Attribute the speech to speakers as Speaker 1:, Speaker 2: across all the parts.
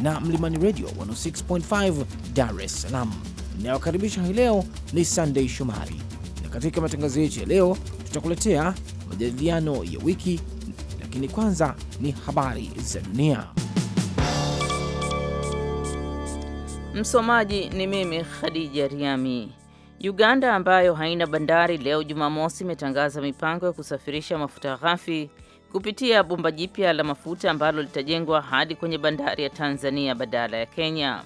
Speaker 1: na Mlimani Radio 106.5 Dar es Salaam. Inayokaribisha hii leo ni Sunday Shomari, na katika matangazo yetu ya leo tutakuletea majadiliano ya wiki,
Speaker 2: lakini kwanza ni habari za dunia. Msomaji ni mimi Khadija Riami. Uganda ambayo haina bandari, leo Jumamosi imetangaza mipango ya kusafirisha mafuta ghafi kupitia bomba jipya la mafuta ambalo litajengwa hadi kwenye bandari ya Tanzania badala ya Kenya.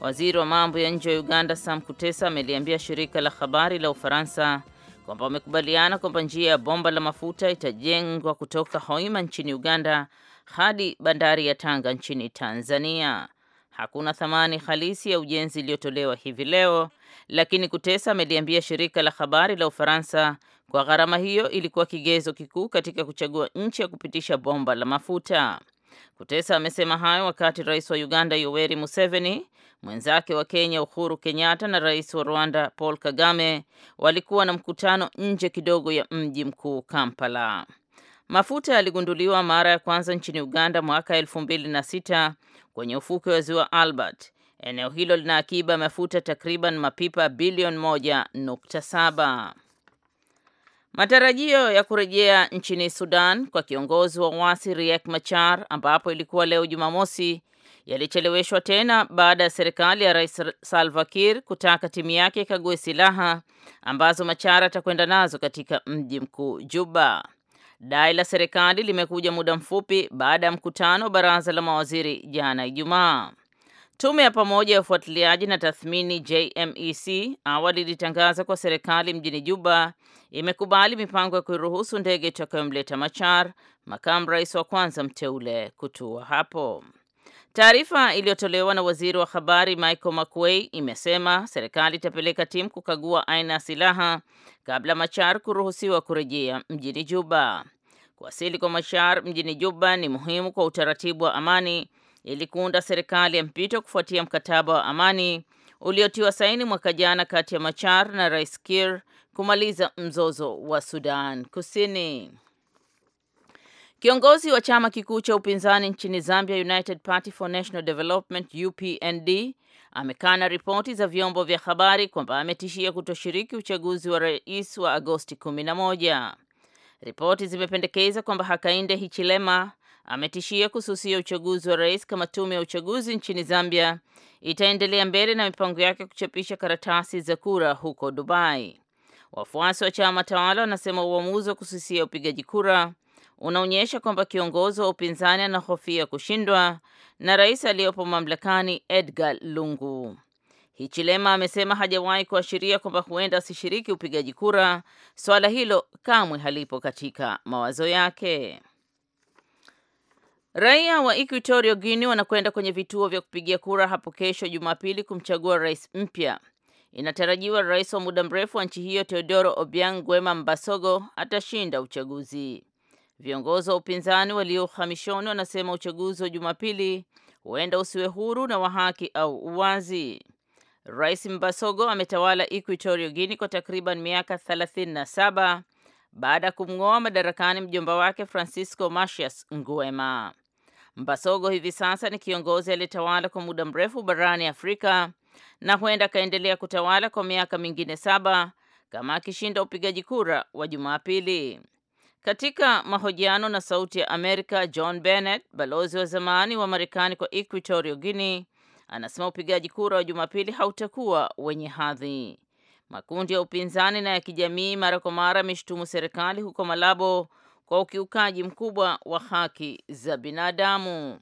Speaker 2: Waziri wa mambo ya nje wa Uganda Sam Kutesa ameliambia shirika la habari la Ufaransa kwamba wamekubaliana kwamba njia ya bomba la mafuta itajengwa kutoka Hoima nchini Uganda hadi bandari ya Tanga nchini Tanzania. Hakuna thamani halisi ya ujenzi iliyotolewa hivi leo, lakini Kutesa ameliambia shirika la habari la Ufaransa kwa gharama hiyo ilikuwa kigezo kikuu katika kuchagua nchi ya kupitisha bomba la mafuta. Kutesa amesema hayo wakati rais wa Uganda Yoweri Museveni, mwenzake wa Kenya Uhuru Kenyatta na rais wa Rwanda Paul Kagame walikuwa na mkutano nje kidogo ya mji mkuu Kampala. Mafuta yaligunduliwa mara ya kwanza nchini Uganda mwaka elfu mbili na sita kwenye ufuke wa ziwa Albert. Eneo hilo lina akiba mafuta takriban mapipa bilioni moja nukta saba. Matarajio ya kurejea nchini Sudan kwa kiongozi wa uasi Riek Machar ambapo ilikuwa leo Jumamosi yalicheleweshwa tena baada ya serikali ya Rais Salva Kiir kutaka timu yake ikague silaha ambazo Machar atakwenda nazo katika mji mkuu Juba. Dai la serikali limekuja muda mfupi baada ya mkutano wa baraza la mawaziri jana Ijumaa. Tume ya pamoja ya ufuatiliaji na tathmini JMEC awali ilitangaza kwa serikali mjini Juba imekubali mipango ya kuiruhusu ndege itakayomleta Machar, makamu rais wa kwanza mteule, kutua hapo. Taarifa iliyotolewa na waziri wa habari Michael Makuei imesema serikali itapeleka timu kukagua aina ya silaha kabla Machar kuruhusiwa kurejea mjini Juba. Kuwasili kwa Machar mjini Juba ni muhimu kwa utaratibu wa amani ili kuunda serikali ya mpito kufuatia mkataba wa amani uliotiwa saini mwaka jana kati ya Machar na Rais Kiir kumaliza mzozo wa Sudan Kusini. Kiongozi wa chama kikuu cha upinzani nchini Zambia, United Party for National Development UPND, amekana ripoti za vyombo vya habari kwamba ametishia kutoshiriki uchaguzi wa rais wa Agosti 11. Ripoti zimependekeza kwamba Hakainde Hichilema ametishia kususia uchaguzi wa rais kama tume ya uchaguzi nchini Zambia itaendelea mbele na mipango yake kuchapisha karatasi za kura huko Dubai. Wafuasi wa chama tawala wanasema uamuzi wa kususia upigaji kura unaonyesha kwamba kiongozi wa upinzani anahofia kushindwa na rais aliyopo mamlakani Edgar Lungu. Hichilema amesema hajawahi kuashiria kwamba huenda asishiriki upigaji kura, swala hilo kamwe halipo katika mawazo yake. Raia wa Equatorial Guinea wanakwenda kwenye vituo vya kupigia kura hapo kesho Jumapili kumchagua rais mpya. Inatarajiwa rais wa muda mrefu wa nchi hiyo Teodoro Obiang Nguema Mbasogo atashinda uchaguzi. Viongozi wa upinzani walio uhamishoni wanasema uchaguzi wa Jumapili huenda usiwe huru na wa haki au uwazi. Rais Mbasogo ametawala Equatorial Guinea kwa takriban miaka 37 baada ya kumng'oa madarakani mjomba wake Francisco Marsius Nguema. Mbasogo hivi sasa ni kiongozi aliyetawala kwa muda mrefu barani Afrika na huenda akaendelea kutawala kwa miaka mingine saba kama akishinda upigaji kura wa Jumapili. Katika mahojiano na Sauti ya Amerika, John Bennett, balozi wa zamani wa Marekani kwa Equatorial Guinea, anasema upigaji kura wa Jumapili hautakuwa wenye hadhi. Makundi ya upinzani na ya kijamii mara kwa mara ameshutumu serikali huko Malabo kwa ukiukaji mkubwa wa haki za binadamu.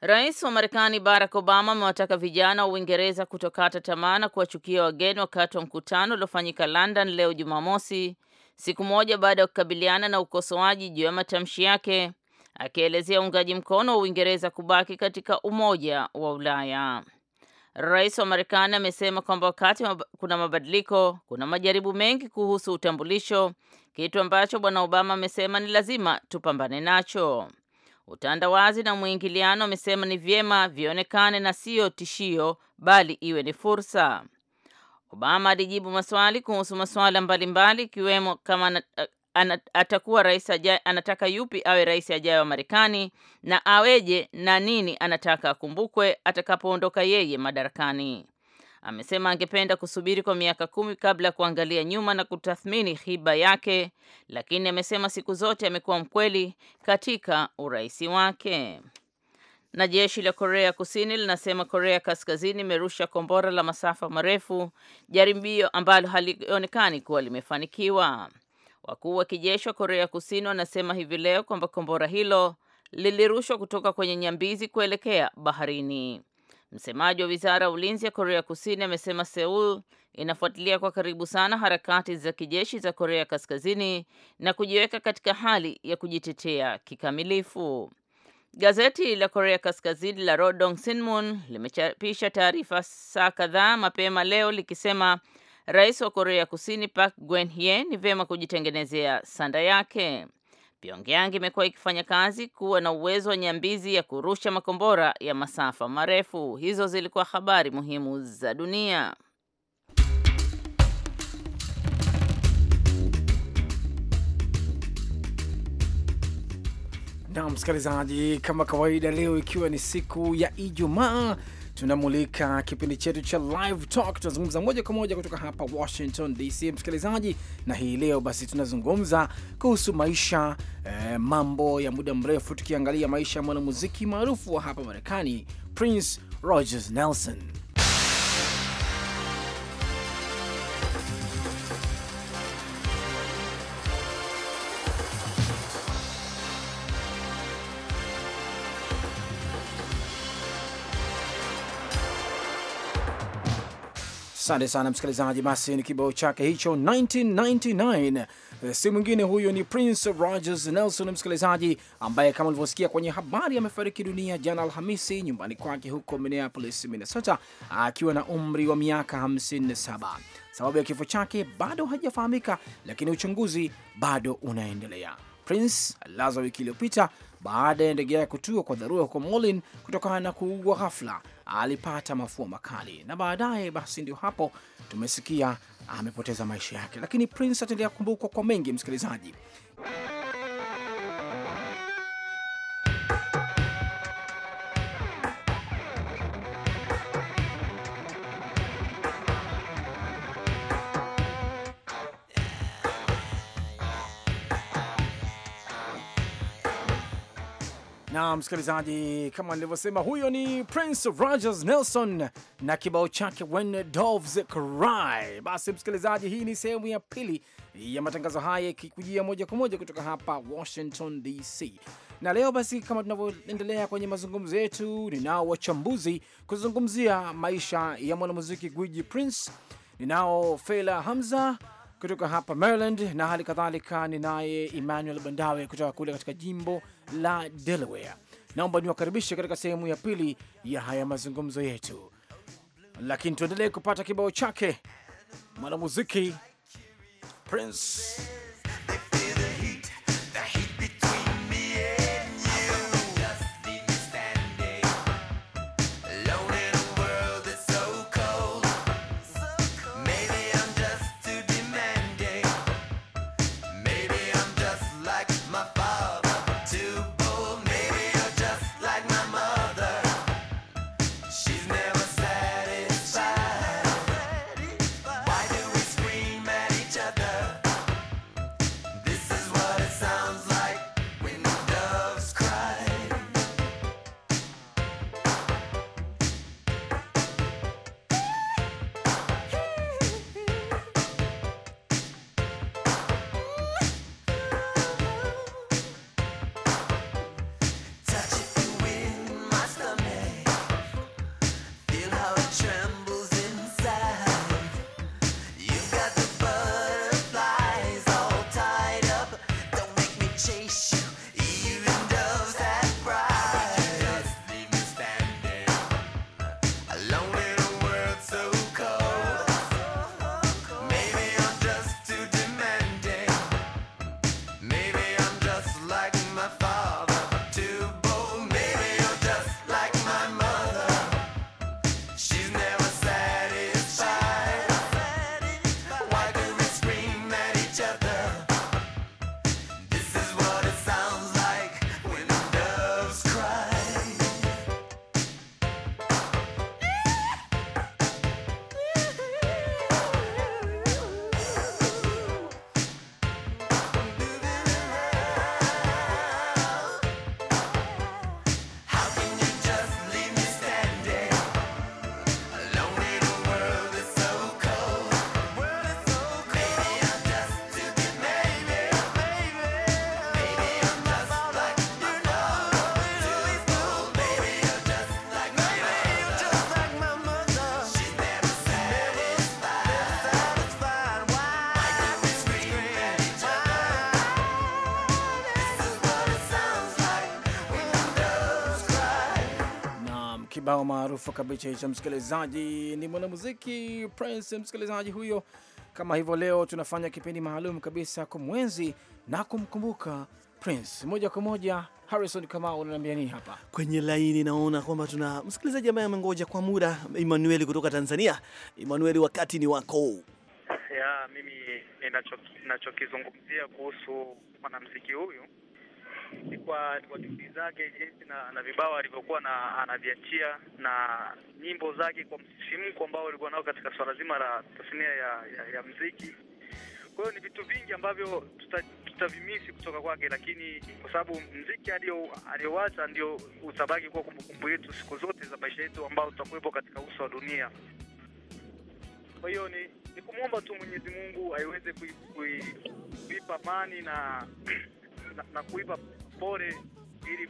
Speaker 2: Rais wa Marekani Barack Obama amewataka vijana wa Uingereza kutokata tamaa na kuwachukia wageni wakati wa mkutano uliofanyika London leo Jumamosi, siku moja baada ya kukabiliana na ukosoaji juu ya matamshi yake, akielezea uungaji mkono wa Uingereza kubaki katika Umoja wa Ulaya. Rais wa Marekani amesema kwamba wakati kuna mabadiliko, kuna majaribu mengi kuhusu utambulisho, kitu ambacho bwana Obama amesema ni lazima tupambane nacho. Utandawazi na mwingiliano, amesema ni vyema vionekane na siyo tishio, bali iwe ni fursa. Obama alijibu maswali kuhusu masuala mbalimbali ikiwemo kama atakuwa rais ajaye, anataka yupi awe rais ajaye wa Marekani na aweje na nini anataka akumbukwe atakapoondoka yeye madarakani. Amesema angependa kusubiri kwa miaka kumi kabla ya kuangalia nyuma na kutathmini hiba yake, lakini amesema siku zote amekuwa mkweli katika urais wake. Na jeshi la Korea Kusini linasema Korea Kaskazini imerusha kombora la masafa marefu, jaribio ambalo halionekani kuwa limefanikiwa. Wakuu wa kijeshi wa Korea Kusini wanasema hivi leo kwamba kombora hilo lilirushwa kutoka kwenye nyambizi kuelekea baharini. Msemaji wa wizara ya ulinzi ya Korea Kusini amesema Seul inafuatilia kwa karibu sana harakati za kijeshi za Korea Kaskazini na kujiweka katika hali ya kujitetea kikamilifu. Gazeti la Korea Kaskazini la Rodong Sinmun limechapisha taarifa saa kadhaa mapema leo likisema Rais wa Korea Kusini Park Geun-hye ni vyema kujitengenezea sanda yake. Pyongyang imekuwa ikifanya kazi kuwa na uwezo wa nyambizi ya kurusha makombora ya masafa marefu. Hizo zilikuwa habari muhimu za dunia.
Speaker 1: Na msikilizaji, kama kawaida, leo ikiwa ni siku ya Ijumaa tunamulika kipindi chetu cha Live Talk, tunazungumza moja kwa moja kutoka hapa Washington DC, msikilizaji. Na hii leo basi tunazungumza kuhusu maisha eh, mambo ya muda mrefu, tukiangalia maisha ya mwanamuziki maarufu wa hapa Marekani Prince Rogers Nelson. Asante sana msikilizaji, basi ni kibao chake hicho 1999. Si mwingine huyo ni Prince Rogers Nelson, msikilizaji, ambaye kama ulivyosikia kwenye habari amefariki dunia jana Alhamisi nyumbani kwake huko Minneapolis, Minnesota, akiwa na umri wa miaka 57. Sababu ya kifo chake bado haijafahamika, lakini uchunguzi bado unaendelea. Prince alilazwa wiki iliyopita baada ya ndege yake kutua kwa dharura huko Molin kutokana na kuugua ghafla. Alipata mafua makali na baadaye basi ndio hapo tumesikia amepoteza maisha yake, lakini Prince ataendelea kukumbukwa kwa mengi, msikilizaji. msikilizaji, kama nilivyosema, huyo ni Prince Rogers Nelson na kibao chake When Doves Cry. Basi msikilizaji, hii ni sehemu ya pili ya matangazo haya yakikujia moja kwa moja kutoka hapa Washington DC, na leo basi, kama tunavyoendelea kwenye mazungumzo yetu, ninao wachambuzi kuzungumzia maisha ya mwanamuziki gwiji Prince. Ninao Fela Hamza kutoka hapa Maryland, na hali kadhalika ninaye Emmanuel Bandawe kutoka kule katika jimbo la Delaware. Naomba niwakaribishe katika sehemu ya pili ya haya mazungumzo yetu, lakini tuendelee kupata kibao chake mwanamuziki Prince. kibao maarufu kabisa cha msikilizaji, ni mwanamuziki Prince. Msikilizaji huyo, kama hivyo, leo tunafanya kipindi maalum kabisa kumwenzi na kumkumbuka
Speaker 3: Prince. Moja kwa moja, Harrison Kamau, unaniambia nini hapa kwenye laini? Naona kwamba tuna msikilizaji ambaye amengoja kwa muda, Emmanuel kutoka Tanzania. Emmanuel, wakati ni wako.
Speaker 4: Ya, mimi ninachokizungumzia kuhusu mwanamuziki huyu ni kwa kwa
Speaker 3: juhudi zake jinsi na,
Speaker 4: na vibao alivyokuwa na anaviachia na nyimbo zake kwa msisimko ambao alikuwa nao katika swala zima la tasnia ya, ya, ya mziki. Kwa hiyo ni vitu vingi ambavyo tutavimisi tuta kutoka kwake, lakini kwa sababu mziki aliyowacha ndio utabaki kuwa kumbukumbu yetu siku zote za maisha yetu ambao tutakuwepo katika uso wa dunia. Kwa hiyo ni, ni kumwomba tu Mwenyezi Mungu aiweze kuipa kui, amani na na, na kuipa pole ili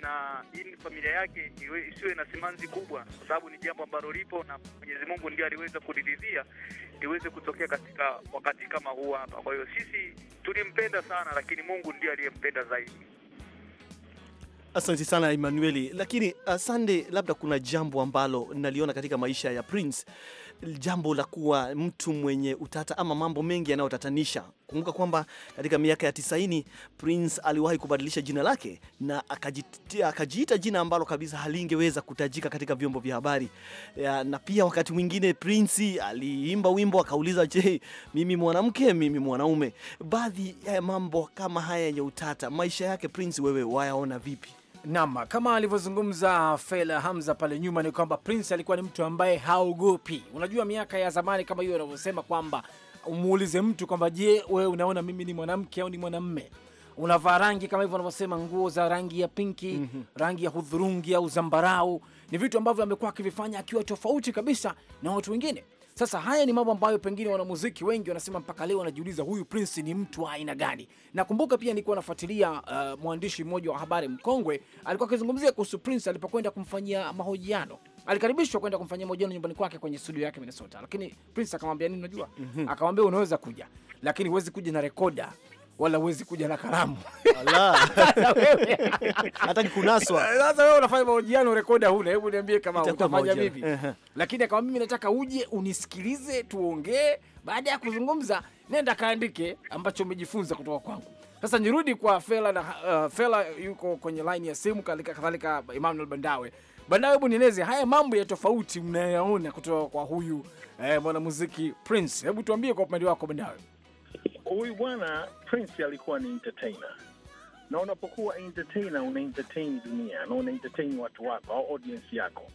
Speaker 4: na ili familia yake isiwe na simanzi kubwa, kwa sababu ni jambo ambalo lipo na Mwenyezi Mungu ndiye aliweza kuliridhia iweze kutokea katika wakati kama huu hapa. Kwa hiyo sisi tulimpenda sana, lakini Mungu ndiye aliyempenda zaidi.
Speaker 3: Asante sana Emmanueli, lakini uh, asante, labda kuna jambo ambalo naliona katika maisha ya Prince jambo la kuwa mtu mwenye utata ama mambo mengi yanayotatanisha. Kumbuka kwamba katika miaka ya tisaini Prince aliwahi kubadilisha jina lake na akajitia, akajiita jina ambalo kabisa halingeweza kutajika katika vyombo vya habari. Na pia wakati mwingine Prince aliimba wimbo akauliza, je, mimi mwanamke, mimi mwanaume? Baadhi ya mambo kama haya yenye utata, maisha yake Prince, wewe wayaona vipi? Naam, kama alivyozungumza Fela Hamza
Speaker 1: pale nyuma, ni kwamba Prince alikuwa ni mtu ambaye haogopi. Unajua miaka ya zamani kama hiyo anavyosema kwamba umuulize mtu kwamba, je, wewe unaona mimi ni mwanamke au ni mwanamme? Unavaa rangi kama hivyo wanavyosema, nguo za rangi ya pinki, mm -hmm. rangi ya hudhurungi au zambarau, ni vitu ambavyo amekuwa akivifanya akiwa tofauti kabisa na watu wengine sasa haya ni mambo ambayo pengine wanamuziki wengi wanasema mpaka leo wanajiuliza huyu Prince ni mtu wa aina gani. Nakumbuka pia nilikuwa nafuatilia uh, mwandishi mmoja wa habari mkongwe alikuwa akizungumzia kuhusu Prince alipokwenda kumfanyia mahojiano alikaribishwa kwenda kumfanyia mahojiano nyumbani kwake kwenye studio yake Minnesota, lakini Prince akamwambia nini? Unajua, mhm. akamwambia unaweza kuja, lakini huwezi kuja na rekoda wala uwezi kuja na kalamu hata nikunaswa. Eh, sasa wewe unafanya mahojiano, rekoda huna, hebu niambie kama utafanya vipi? Lakini akawa mimi nataka uje unisikilize, tuongee. Baada ya kuzungumza, nenda kaandike ambacho umejifunza kutoka kwangu. Sasa nirudi kwa Fela na uh, Fela yuko kwenye line ya simu, kadhalika Emmanuel Bandawe. Bandawe, hebu nieleze haya mambo ya tofauti mnayoyaona kutoka kwa huyu eh, mwanamuziki Prince. Hebu tuambie kwa upande wako Bandawe
Speaker 4: huyu bwana Prince alikuwa ni entertainer, na unapokuwa entertainer una entertain dunia na una entertain watu wako au audience yako.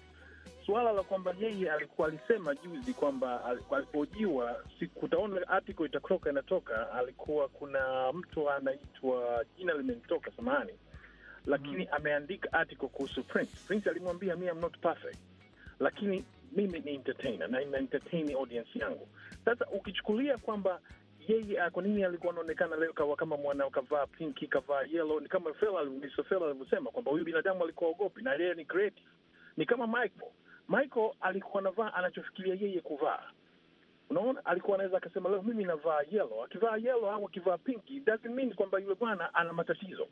Speaker 4: Suala la kwamba yeye alikuwa alisema juzi kwamba alipojiwa, sikutaona article itakutoka inatoka, alikuwa kuna mtu anaitwa jina limemtoka samahani, lakini mm, ameandika article kuhusu Prince. Prince alimwambia mi am not perfect, lakini mimi ni entertainer na ina entertain audience yangu. Sasa ukichukulia kwamba yeye uh, kwa nini alikuwa anaonekana leo kawa kama mwana kavaa pinki kavaa yellow? Ni kama Fela, Mr. Fela alivyosema kwamba huyu binadamu alikuwa ogopi, na yeye ni creative. Ni kama Michael. Michael alikuwa anavaa anachofikiria yeye kuvaa. Unaona, alikuwa anaweza akasema leo mimi navaa yellow. Akivaa yellow au akivaa pinki doesn't mean kwamba yule bwana ana matatizo.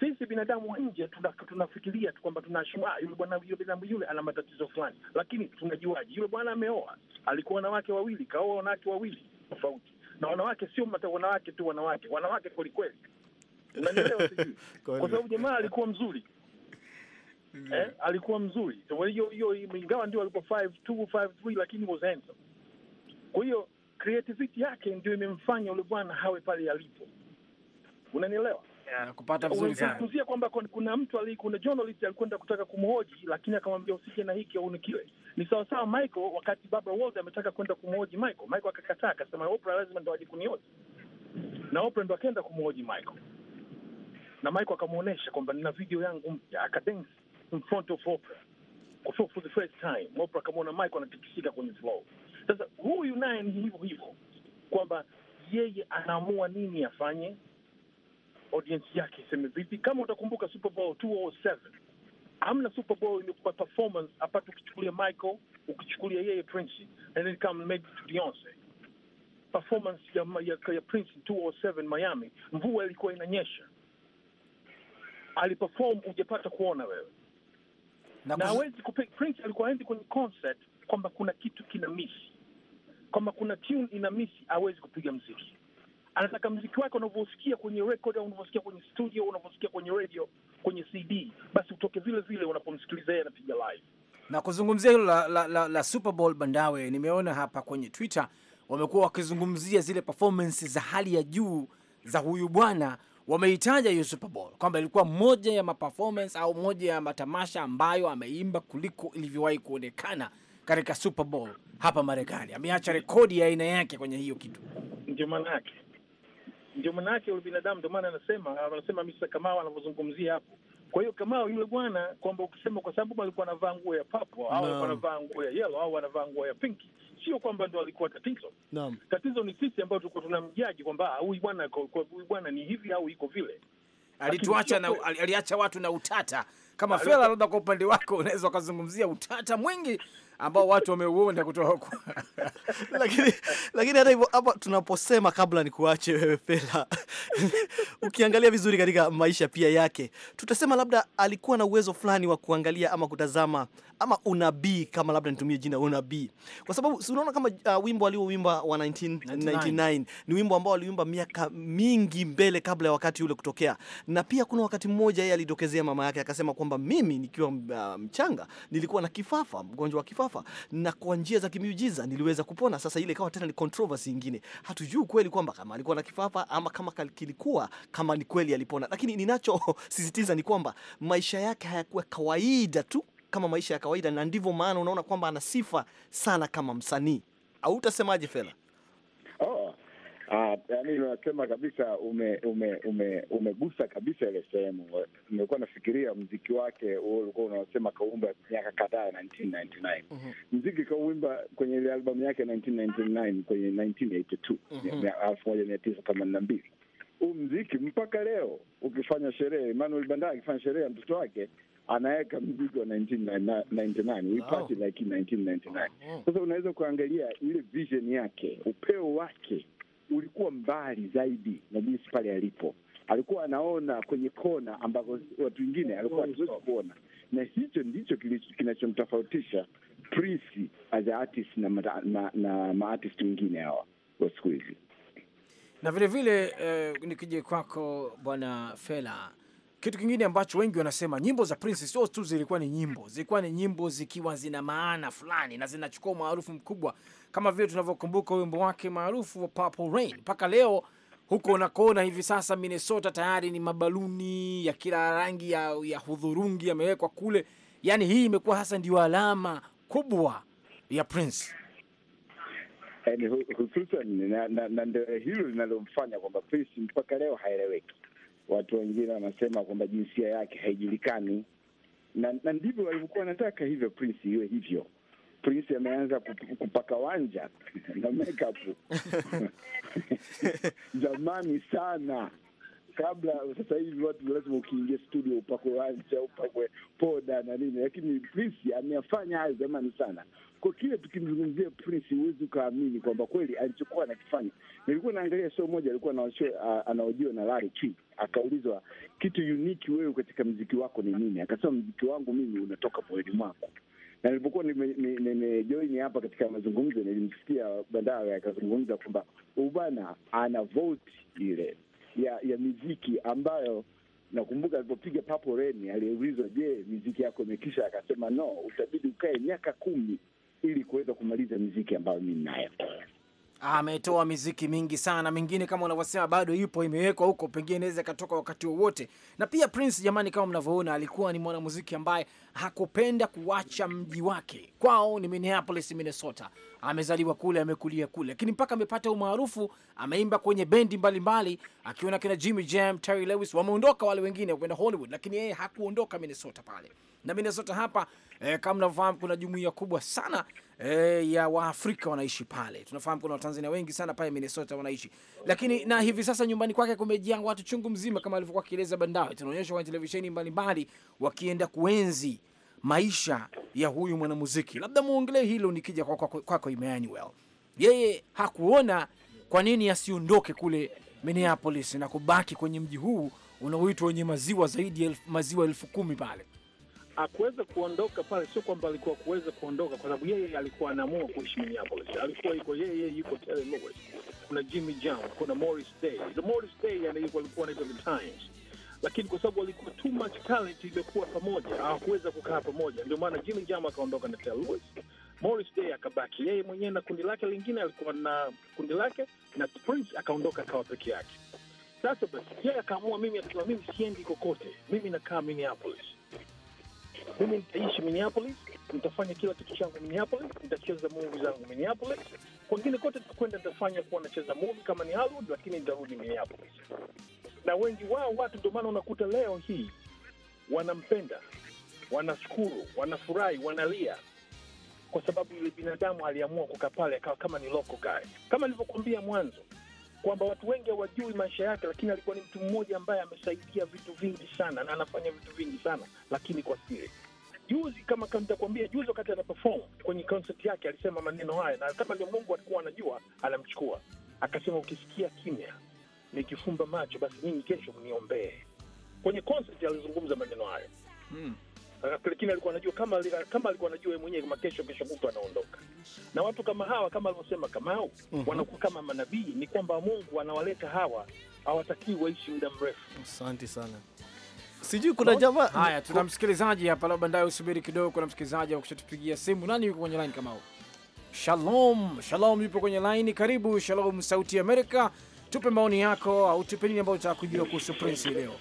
Speaker 4: Sisi binadamu wa nje tunafikiria tu kwamba tunashua ah, yule bwana yule binadamu yule ana matatizo fulani, lakini tunajuaje? Yule bwana ameoa, alikuwa na wake wawili, kaoa wanawake wawili tofauti na wanawake sio wanawake tu, wanawake wanawake kwelikweli, unanielewa? kwa sababu jamaa alikuwa mzuri mm. eh, alikuwa mzuri hiyo hiyo, ingawa ndio alikuwa 52 lakini was handsome. Kwa hiyo creativity yake ndio imemfanya yule bwana hawe pale alipo, unanielewa?
Speaker 1: kupata vizuri sana. Ulizungumzia
Speaker 4: kwamba kuna mtu ali, kuna journalist alikwenda kutaka kumhoji, lakini akamwambia usije na hiki au nikiwe. Ni sawa sawa Michael wakati Barbara Walters ametaka kwenda kumhoji Michael, Michael akakataa, akasema Oprah lazima ndo aje kunihoji, na Oprah ndo akaenda kumhoji Michael, na Michael akamuonesha kwamba nina video yangu mpya, akadance in front of Oprah Kwa so for the first time. Oprah akamwona Michael anatikisika kwenye floor. Sasa huyu naye ni hivyo hivyo kwamba yeye anaamua nini afanye audience yake iseme vipi. Kama utakumbuka Super Bowl 207 hamna Super Bowl imekupa performance apate, ukichukulia Michael, ukichukulia yeye Prince and then come maybe to Beyonce performance ya, ya, ya Prince 207 Miami, mvua ilikuwa inanyesha, aliperform hujapata kuona wewe na hawezi kupe. Prince alikuwa aendi kwenye concert kwamba kuna kitu kina miss, kwamba kuna tune ina miss, hawezi kupiga mziki anataka mziki wake unavyosikia kwenye record au unavyosikia kwenye studio, unavyosikia kwenye radio, kwenye CD, basi utoke vile vile unapomsikiliza yeye anapiga live.
Speaker 1: Na kuzungumzia hilo la, la, la, la Super Bowl, Bandawe, nimeona hapa kwenye Twitter wamekuwa wakizungumzia zile performance za hali ya juu za huyu bwana wameitaja hiyo Super Bowl kwamba ilikuwa moja ya maperformance au moja ya matamasha ambayo ameimba kuliko ilivyowahi kuonekana katika Super Bowl hapa Marekani. Ameacha rekodi ya aina yake kwenye
Speaker 4: hiyo kitu, ndio maana yake ndio manaake ule binadamu, ndio maana anasema anasema Mr. Kamau anavyozungumzia hapo. Kwa hiyo Kamau yule bwana, kwamba ukisema kwa sababu alikuwa anavaa nguo ya papo au alikuwa anavaa nguo ya yellow au anavaa nguo ya pinki, sio kwamba ndo alikuwa tatizo. Naam, tatizo ni sisi ambao tulikuwa tunamjaji kwamba ah, huyu bwana huyu bwana ni hivi au iko vile.
Speaker 2: Alituacha na
Speaker 1: aliacha watu na utata kama ah, Fela, labda kwa upande wako unaweza ukazungumzia
Speaker 3: utata mwingi ambao watu wameuunda kutoka kwa lakini, lakini hata hivyo hapa tunaposema, kabla ni kuache wewe Fela, ukiangalia vizuri katika maisha pia yake, tutasema labda alikuwa na uwezo fulani wa kuangalia ama kutazama ama unabii, kama labda nitumie jina unabii, kwa sababu si unaona kama uh, wimbo aliouimba wa 1999 99. ni wimbo ambao aliuimba miaka mingi mbele kabla ya wakati ule kutokea, na pia kuna wakati mmoja yeye alitokezea mama yake akasema kwamba mimi nikiwa uh, mchanga nilikuwa na kifafa, mgonjwa wa kifafa wafa, na kwa njia za kimiujiza niliweza kupona. Sasa ile ikawa tena ni controversy nyingine, hatujui kweli kwamba kama alikuwa na kifafa ama kama kilikuwa kama ni kweli alipona, lakini ninachosisitiza ni kwamba maisha yake hayakuwa kawaida tu kama maisha ya kawaida, na ndivyo maana unaona kwamba ana sifa sana kama msanii. Au utasemaje Fela?
Speaker 5: Ah, yaani unasema kabisa ume, ume, ume, umegusa kabisa ile sehemu. Nilikuwa nafikiria mziki wake huo ulikuwa unaosema kaumba miaka kadhaa 1999 mhm. mziki kauimba kwenye ile albamu yake 1999 kwenye 1982 mhm. elfu moja mia tisa themanini na mbili huu mziki mpaka leo ukifanya sherehe, Emmanuel Bandaa akifanya sherehe ya mtoto wake anaweka mziki wa 1999 we party like 1999. Mhm. Sasa unaweza kuangalia ile vision yake, upeo wake ulikuwa mbali zaidi na jinsi pale alipo, alikuwa anaona kwenye kona ambako watu wengine alikuwa hatuwezi kuona, na hicho ndicho kinachomtofautisha Prince as a artist na maartist wengine hawa wa siku hizi.
Speaker 1: Na vilevile vile uh, nikije kwako Bwana Fela, kitu kingine ambacho wengi wanasema nyimbo za Prince sio tu zilikuwa ni nyimbo, zilikuwa ni nyimbo zikiwa zina maana fulani na zinachukua umaarufu mkubwa kama vile tunavyokumbuka wimbo wake maarufu wa Purple Rain. Mpaka leo huko unakoona hivi sasa Minnesota tayari ni mabaluni ya kila rangi ya, ya hudhurungi yamewekwa kule. Yani hii imekuwa hasa ndio alama kubwa ya Prince
Speaker 5: eh, hususan na, na, na ndio hilo linalomfanya kwamba Prince mpaka leo haeleweki. Watu wengine wanasema kwamba jinsia yake haijulikani, na, na ndivyo alivyokuwa anataka hivyo Prince iwe hivyo, Prince ameanza kupaka wanja na makeup zamani sana kabla. Sasa hivi watu lazima ukiingia studio upakwe wanja, upakwe poda na nini, lakini Prince ameyafanya hayo zamani sana. Kwa kile tukimzungumzia Prince huwezi ukaamini kwamba kweli alichokuwa anakifanya. Nilikuwa naangalia show moja, alikuwa anaojiwa na Larry King, akaulizwa kitu unique wewe katika mziki wako ni nini? Akasema mziki wangu mimi unatoka moyoni mwako na nilipokuwa nimejoini hapa katika mazungumzo, nilimsikia Bandawe akazungumza kwamba ubana ana voti ile ya ya miziki ambayo nakumbuka alipopiga Papo Reni aliyeulizwa, je, miziki yako imekisha? Akasema no, utabidi ukae miaka kumi ili kuweza kumaliza miziki ambayo mi nayo
Speaker 1: ametoa miziki mingi sana, mingine kama unavyosema bado ipo imewekwa huko, pengine inaweza ikatoka wakati wowote. Na pia Prince, jamani, kama mnavyoona, alikuwa ni mwanamuziki ambaye hakupenda kuacha mji wake, kwao ni Minneapolis, Minnesota. Amezaliwa kule, amekulia kule, lakini mpaka amepata umaarufu, ameimba kwenye bendi mbalimbali, akiona kina Jimmy Jam, Terry Lewis, wameondoka wale wengine kwenda Hollywood, lakini yeye hakuondoka Minnesota pale na Minnesota hapa eh, kama unavyofahamu kuna jumuiya kubwa sana eh, ya Waafrika wanaishi pale. Tunafahamu kuna Watanzania wengi sana pale Minnesota wanaishi, lakini na hivi sasa nyumbani kwake kumejaa watu chungu mzima, kama alivyokuwa akieleza Bandawe. Tunaonyeshwa kwenye televisheni mbalimbali wakienda kuenzi maisha ya huyu mwanamuziki. Labda muongelee hilo, nikija kwako kwa, kwa, kwa Emmanuel, yeye hakuona kwa nini asiondoke kule Minneapolis na kubaki kwenye mji huu unaoitwa wenye maziwa zaidi ya elf, maziwa elfu kumi pale
Speaker 4: akuweza kuondoka pale, sio kwamba alikuwa kuweza kuondoka, kwa sababu yeye alikuwa anaamua kuishi Minneapolis. Alikuwa yuko yeye, yuko Terry Lewis, kuna Jimmy Jam, kuna Morris Day. The Morris Day alikuwa anaitwa the Times, lakini kwa sababu alikuwa too much talent iliyokuwa pamoja, hawakuweza kukaa pamoja. Ndio maana Jimmy Jam akaondoka na Terry Lewis, Morris Day akabaki yeye mwenyewe na kundi lake lingine, alikuwa na kundi lake, na Prince akaondoka akawa peke yake. Sasa basi yeye akaamua, mimi mimi siendi kokote, mimi nakaa Minneapolis mimi nitaishi Minneapolis, nitafanya kila kitu changu Minneapolis, nitacheza muvi zangu Minneapolis, kwengine kote nitakwenda, nitafanya kuwa nacheza muvi kama ni Hollywood, lakini nitarudi Minneapolis. Na wengi wao watu, ndio maana unakuta leo hii wanampenda, wanashukuru, wanafurahi, wanalia kwa sababu yule binadamu aliamua kukaa pale, akawa kama ni local guy, kama nilivyokuambia mwanzo kwamba watu wengi hawajui maisha yake, lakini alikuwa ni mtu mmoja ambaye amesaidia vitu vingi sana na anafanya vitu vingi sana, lakini kwa siri. Juzi kama kama nitakwambia, juzi wakati ana perform kwenye concert yake alisema maneno haya, na kama ndio Mungu alikuwa anajua anamchukua, akasema ukisikia kimya nikifumba macho, basi mimi kesho mniombee. Kwenye concert alizungumza maneno hayo mm. Ah, lakini alikuwa anajua kama kama alikuwa anajua yeye mwenyewe kama kesho kesho mtu anaondoka. Na watu kama hawa kama alivyosema Kamau mm -hmm. wanakuwa kama manabii, ni kwamba Mungu anawaleta hawa, hawatakii waishi muda mrefu.
Speaker 3: Asante sana.
Speaker 1: Sijui kuna jamaa haya, tuna msikilizaji hapa, labda ndio usubiri kidogo, kuna msikilizaji wa kushatupigia simu. Nani yuko kwenye line kama huo? Shalom, Shalom yupo kwenye line. Karibu Shalom, Sauti ya Amerika, tupe maoni yako au tupe nini ambayo unataka kujua kuhusu Prince leo.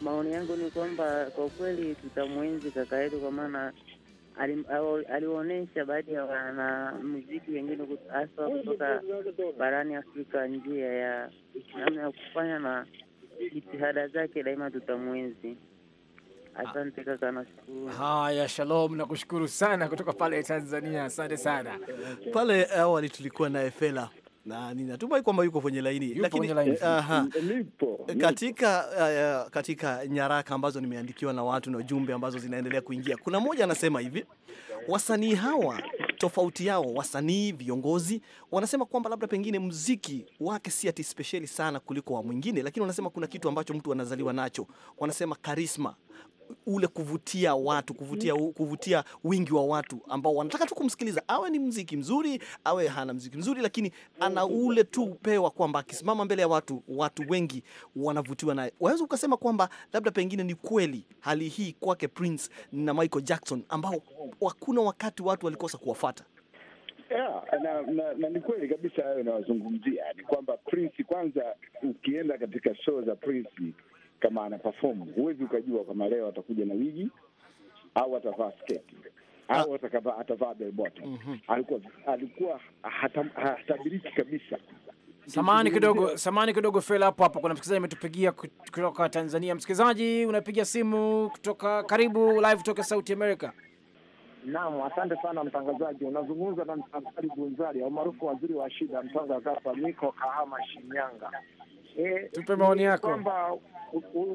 Speaker 2: Maoni yangu ni kwamba kwa ukweli tutamwenzi kaka yetu, kwa maana aliwaonyesha baadhi ya muziki wengine haswa kutoka barani Afrika njia ya namna ya kufanya na jitihada zake daima tutamwenzi. Asante kaka, nashukuru.
Speaker 1: Haya, shalom, nakushukuru sana kutoka pale Tanzania, asante sana.
Speaker 2: Pale
Speaker 3: eh, awali tulikuwa na Efela na ninatumai kwamba yuko kwenye laini lakini eh, aha, katika uh, katika nyaraka ambazo nimeandikiwa na watu na ujumbe ambazo zinaendelea kuingia, kuna moja anasema hivi, wasanii hawa tofauti yao. Wasanii, viongozi wanasema kwamba labda pengine mziki wake si ati spesheli sana kuliko wa mwingine, lakini wanasema kuna kitu ambacho mtu anazaliwa nacho. Wanasema karisma ule kuvutia watu, kuvutia kuvutia wingi wa watu ambao wanataka tu kumsikiliza, awe ni mziki mzuri, awe hana mziki mzuri, lakini ana ule tu upewa kwamba akisimama mbele ya watu, watu wengi wanavutiwa naye. Waweza ukasema kwamba labda pengine ni kweli hali hii kwake Prince na Michael Jackson, ambao hakuna wakati watu walikosa kuwafata.
Speaker 5: Yeah, na, na, na ni kweli kabisa hayo inawazungumzia, ni kwamba Prince kwanza, ukienda katika show za Prince kama ana perform. Huwezi ukajua kama leo atakuja na wigi au atavaa sketi au ah. atakaba atavaa bell bottom. Mhm. mm -hmm. Alikuwa alikuwa hatabiriki kabisa.
Speaker 1: Samani kidogo, samani kidogo, fail hapo hapo. Kuna msikilizaji ametupigia kutoka Tanzania. Msikilizaji, unapiga simu kutoka, karibu live kutoka South America.
Speaker 6: Naam, asante sana mtangazaji. Unazungumza na mtangazaji Bunzari au maarufu waziri wa shida, mtangazaji hapa Miko, Kahama, Shinyanga. E,
Speaker 5: tupe maoni yako kwamba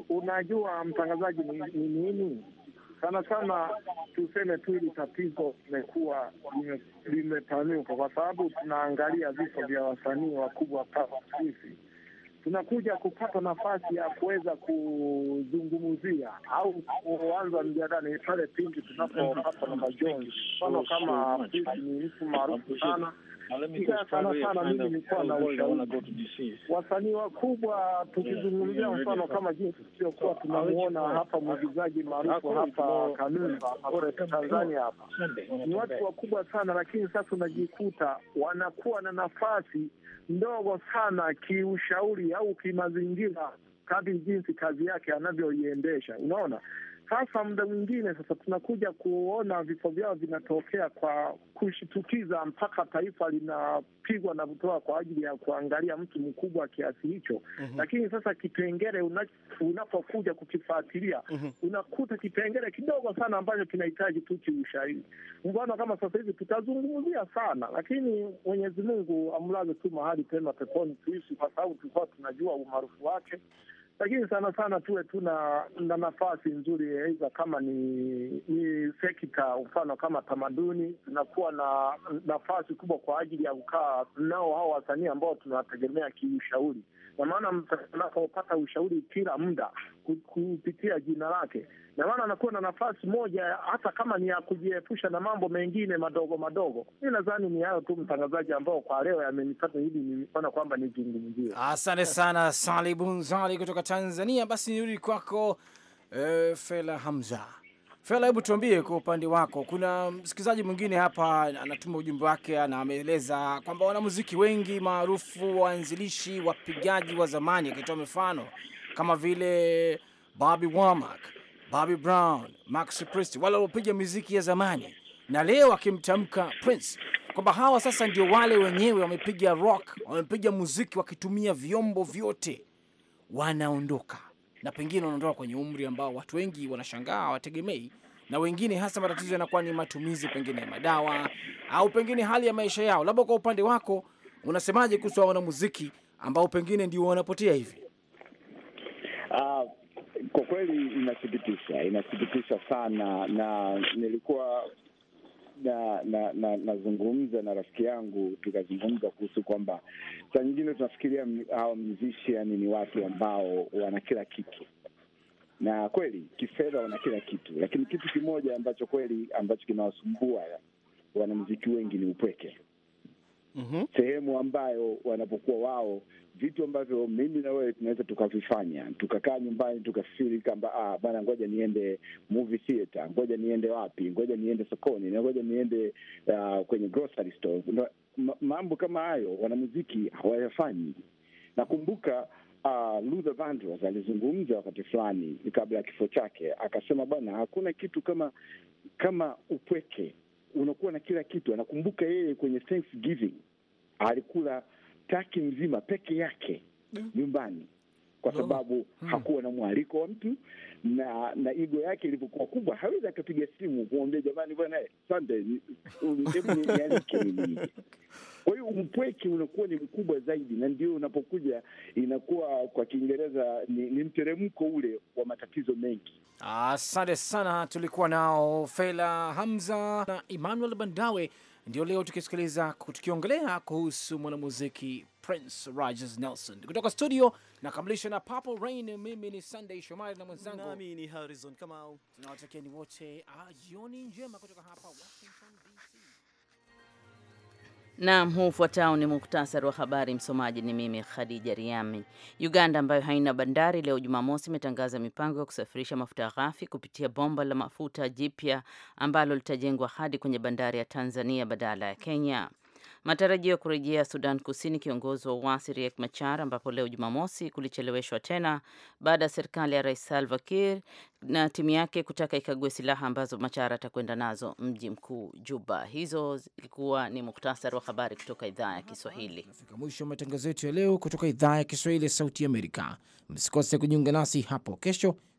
Speaker 6: unajua mtangazaji, ni nini sana sana, tuseme tu hili tatizo limekuwa limepanuka, kwa sababu tunaangalia vifo vya wasanii wakubwa kama sisi, tunakuja kupata nafasi ya kuweza kuzungumzia au kuanza mjadala ni pale pindi tunapopata na majonzi. Mfano kama ni mtu maarufu sana wasanii wakubwa, tukizungumzia mfano kama jinsi tuliokuwa tunamuona hapa mwigizaji maarufu hapa Kanumba kwetu Tanzania hapa, ni watu wakubwa sana, lakini sasa unajikuta wanakuwa na nafasi ndogo sana kiushauri au kimazingira, kadri jinsi kazi yake anavyoiendesha, unaona sasa muda mwingine sasa tunakuja kuona vifo vyao vinatokea kwa kushitukiza, mpaka taifa linapigwa na kutoa kwa ajili ya kuangalia mtu mkubwa kiasi hicho. mm -hmm. Lakini sasa kipengele unapokuja kukifuatilia, mm -hmm. unakuta kipengele kidogo sana ambacho kinahitaji tu ushahidi. Mfano kama sasa hivi tutazungumzia sana, lakini Mwenyezi Mungu amlaze tu mahali pema peponi, tuishi kwa sababu tulikuwa tunajua umaarufu wake lakini sana sana tuwe tu na nafasi nzuri, aidha kama ni ni sekta, mfano kama tamaduni, tunakuwa na nafasi kubwa kwa ajili ya kukaa nao hao wasanii ambao tunawategemea kiushauri kwa maana mtakapopata ushauri kila muda kupitia jina lake, na maana anakuwa na nafasi moja, hata kama ni ya kujiepusha na mambo mengine madogo madogo. Mi nadhani ni hayo tu, mtangazaji, ambao kwa leo yamenipata hili nimeona kwamba nizungumzie.
Speaker 1: Asante sana Sali Bunzali kutoka Tanzania. Basi nirudi kwako, eh, Fela Hamza. Fela, hebu tuambie kwa upande wako, kuna msikilizaji mwingine hapa anatuma ujumbe wake na ameeleza kwamba wanamuziki wengi maarufu, waanzilishi, wapigaji wa zamani, akitoa mifano kama vile Bobby Womack, Bobby Brown, Max Priestley, wale waliopiga muziki ya zamani na leo akimtamka Prince kwamba hawa sasa ndio wale wenyewe wamepiga rock, wamepiga muziki wakitumia vyombo vyote, wanaondoka na pengine wanaondoka kwenye umri ambao watu wengi wanashangaa wategemei, na wengine hasa matatizo yanakuwa ni matumizi pengine ya madawa au pengine hali ya maisha yao. Labda kwa upande wako unasemaje kuhusu wanamuziki ambao pengine ndio wanapotea hivi? Uh,
Speaker 5: kwa kweli inasikitisha, inasikitisha sana, na nilikuwa labda nazungumza na, na, na rafiki yangu tukazungumza kuhusu kwamba saa nyingine tunafikiria hawa musician ni watu ambao wana kila kitu na kweli kifedha wana kila kitu, lakini kitu kimoja ambacho kweli ambacho kinawasumbua wanamziki wengi ni upweke. mm -hmm. Sehemu ambayo wanapokuwa wao vitu ambavyo mimi na wewe tunaweza tukavifanya, tukakaa nyumbani tukafikiri kwamba ah, bana, ngoja niende movie theater, ngoja niende wapi, ngoja niende sokoni, ngoja niende uh, kwenye grocery store. Mambo kama hayo wanamuziki hawayafanyi. Nakumbuka uh, Luther Vandross alizungumza wakati fulani kabla ya kifo chake, akasema bwana, hakuna kitu kama kama upweke, unakuwa na kila kitu. Anakumbuka yeye kwenye Thanksgiving alikula staki mzima peke yake nyumbani kwa sababu hmm. hakuwa na mwaliko wa mtu na na igo yake ilivyokuwa kubwa, hawezi akapiga simu kumwambia jamani, bwana eh, Sunday nialike Kwa hiyo umpweki unakuwa ni mkubwa zaidi, na ndio unapokuja inakuwa kwa Kiingereza ni, ni mteremko ule wa matatizo mengi.
Speaker 1: Asante sana, tulikuwa nao Fela Hamza na Emmanuel Bandawe ndio leo tukisikiliza, tukiongelea kuhusu mwanamuziki Prince Rogers Nelson kutoka studio na kamilisha na Purple Rain. Mimi ni Sunday Shomari na mwenzangu nami
Speaker 3: ni Harrison Kamau, tunawatakieni
Speaker 1: wote jioni njema kutoka hapa Washington.
Speaker 2: Naam, huu ufuatao ni muhtasari wa habari. Msomaji ni mimi Khadija Riami. Uganda ambayo haina bandari, leo Jumamosi imetangaza mipango ya kusafirisha mafuta ghafi kupitia bomba la mafuta jipya ambalo litajengwa hadi kwenye bandari ya Tanzania badala ya Kenya matarajio ya kurejea Sudan Kusini kiongozi wa uasi Riek Machar, ambapo leo Jumamosi kulicheleweshwa tena baada ya serikali ya Rais Salva Kiir na timu yake kutaka ikague silaha ambazo Machar atakwenda nazo mji mkuu Juba. Hizo zilikuwa ni muhtasari wa habari kutoka idhaa ya Kiswahili. Nafika mwisho wa matangazo
Speaker 1: yetu ya leo kutoka idhaa ya Kiswahili ya Sauti Amerika. Msikose kujiunga nasi hapo kesho